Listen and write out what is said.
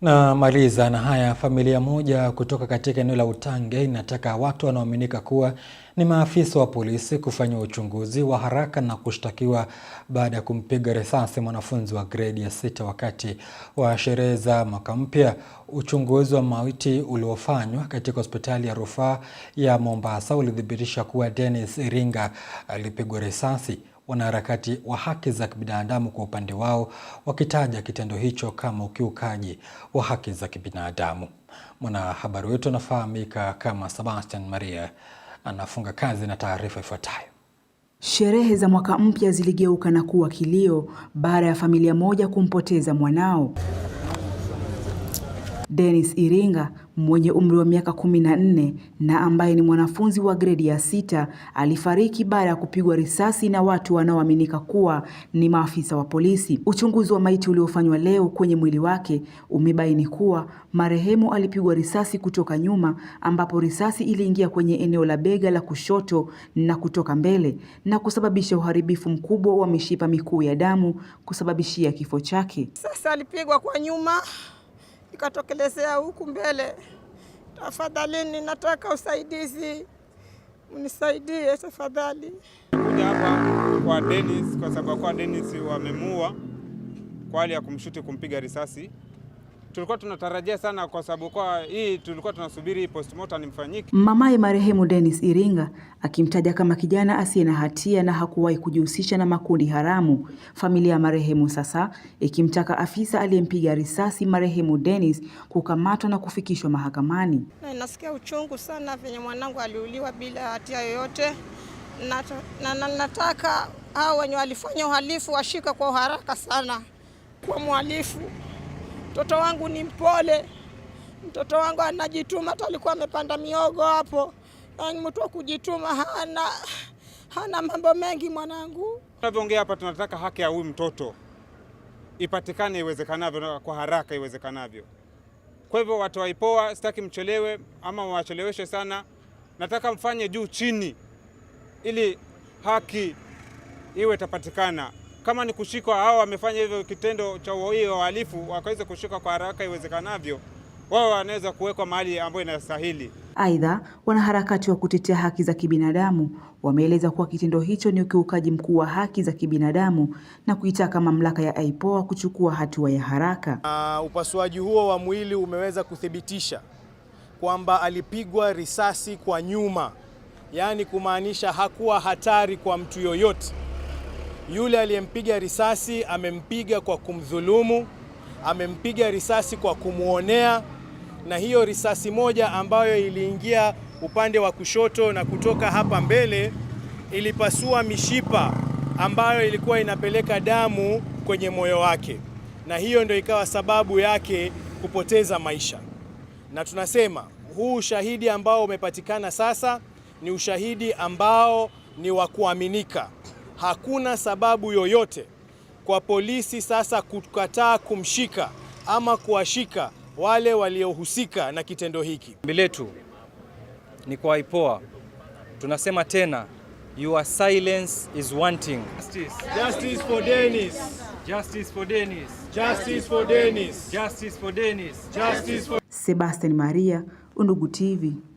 Na maliza na haya. Familia moja kutoka katika eneo la Utange inataka watu wanaoaminika kuwa ni maafisa wa polisi kufanya uchunguzi wa haraka na kushtakiwa baada ya kumpiga risasi mwanafunzi wa gredi ya sita wakati wa sherehe za mwaka mpya. Uchunguzi wa maiti uliofanywa katika hospitali ya rufaa ya Mombasa ulithibitisha kuwa Dennis Iringa alipigwa risasi wanaharakati wa haki za kibinadamu kwa upande wao wakitaja kitendo hicho kama ukiukaji wa haki za kibinadamu. Mwanahabari wetu anafahamika kama Sebastian Maria anafunga kazi na taarifa ifuatayo. Sherehe za mwaka mpya ziligeuka na kuwa kilio baada ya familia moja kumpoteza mwanao. Dennis Iringa mwenye umri wa miaka kumi na nne na ambaye ni mwanafunzi wa gredi ya sita alifariki baada ya kupigwa risasi na watu wanaoaminika kuwa ni maafisa wa polisi. Uchunguzi wa maiti uliofanywa leo kwenye mwili wake umebaini kuwa marehemu alipigwa risasi kutoka nyuma, ambapo risasi iliingia kwenye eneo la bega la kushoto na kutoka mbele na kusababisha uharibifu mkubwa wa mishipa mikuu ya damu kusababishia kifo chake. Sasa alipigwa kwa nyuma ikatokelezea huku mbele. Tafadhalini, nataka usaidizi, mnisaidie tafadhali. Kuja hapa kwa Dennis kwa sababu kwa Dennis wamemua kwa hali ya kumshuti kumpiga risasi tulikuwa tunatarajia sana kwa sababu kwa hii tulikuwa tunasubiri postmortem imfanyike. Mamaye marehemu Dennis Iringa akimtaja kama kijana asiye na hatia na hakuwahi kujihusisha na makundi haramu. Familia ya marehemu sasa ikimtaka afisa aliyempiga risasi marehemu Dennis kukamatwa na kufikishwa mahakamani. Na nasikia uchungu sana venye mwanangu aliuliwa bila hatia yoyote na, na, na, nataka hao wenye walifanya uhalifu washika kwa haraka sana kwa mhalifu Mtoto wangu ni mpole, mtoto wangu anajituma. alikuwa amepanda miogo hapo, yaani mtu wa kujituma, hana hana mambo mengi mwanangu. Tunavyoongea hapa, tunataka haki ya huyu mtoto ipatikane iwezekanavyo, kwa haraka iwezekanavyo. Kwa hivyo watu waipoa, sitaki mchelewe ama wacheleweshe sana, nataka mfanye juu chini, ili haki iwe itapatikana kama ni kushikwa au wamefanya hivyo kitendo cha wa uhalifu wakaweza kushikwa kwa haraka iwezekanavyo, wao wanaweza kuwekwa mahali ambayo inastahili. Aidha, wanaharakati wa kutetea haki za kibinadamu wameeleza kuwa kitendo hicho ni ukiukaji mkuu wa haki za kibinadamu na kuitaka mamlaka ya IPOA kuchukua hatua ya haraka. Uh, upasuaji huo wa mwili umeweza kuthibitisha kwamba alipigwa risasi kwa nyuma, yaani kumaanisha hakuwa hatari kwa mtu yoyote. Yule aliyempiga risasi amempiga kwa kumdhulumu, amempiga risasi kwa kumwonea, na hiyo risasi moja ambayo iliingia upande wa kushoto na kutoka hapa mbele ilipasua mishipa ambayo ilikuwa inapeleka damu kwenye moyo wake, na hiyo ndio ikawa sababu yake kupoteza maisha. Na tunasema huu ushahidi ambao umepatikana sasa ni ushahidi ambao ni wa kuaminika hakuna sababu yoyote kwa polisi sasa kukataa kumshika ama kuwashika wale waliohusika na kitendo hiki. Ombi letu ni kwa IPOA, tunasema tena, your silence is wanting. Justice. Justice for Dennis. Justice for Dennis. Justice for Dennis. Justice for Dennis. Justice for... Sebastian Maria, Undugu TV.